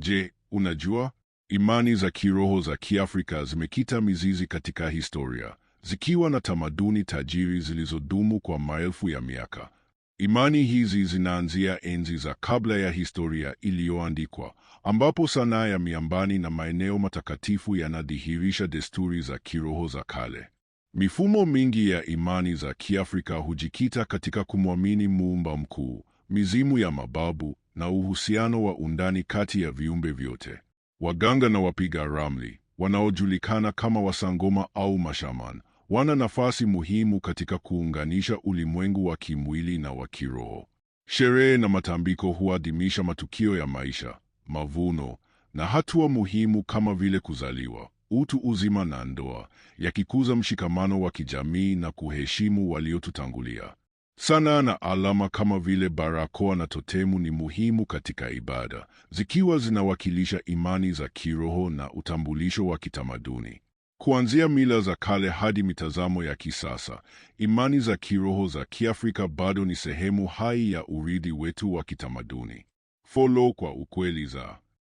Je, unajua imani za kiroho za Kiafrika zimekita mizizi katika historia, zikiwa na tamaduni tajiri zilizodumu kwa maelfu ya miaka. Imani hizi zinaanzia enzi za kabla ya historia iliyoandikwa, ambapo sanaa ya miambani na maeneo matakatifu yanadhihirisha desturi za kiroho za kale. Mifumo mingi ya imani za Kiafrika hujikita katika kumwamini muumba mkuu mizimu ya mababu na uhusiano wa undani kati ya viumbe vyote. Waganga na wapiga ramli wanaojulikana kama wasangoma au mashaman wana nafasi muhimu katika kuunganisha ulimwengu wa kimwili na wa kiroho. Sherehe na matambiko huadhimisha matukio ya maisha, mavuno na hatua muhimu kama vile kuzaliwa, utu uzima na ndoa, yakikuza mshikamano wa kijamii na kuheshimu waliotutangulia. Sanaa na alama kama vile barakoa na totemu ni muhimu katika ibada, zikiwa zinawakilisha imani za kiroho na utambulisho wa kitamaduni. Kuanzia mila za kale hadi mitazamo ya kisasa, imani za kiroho za Kiafrika bado ni sehemu hai ya urithi wetu wa kitamaduni. Folo kwa ukweli za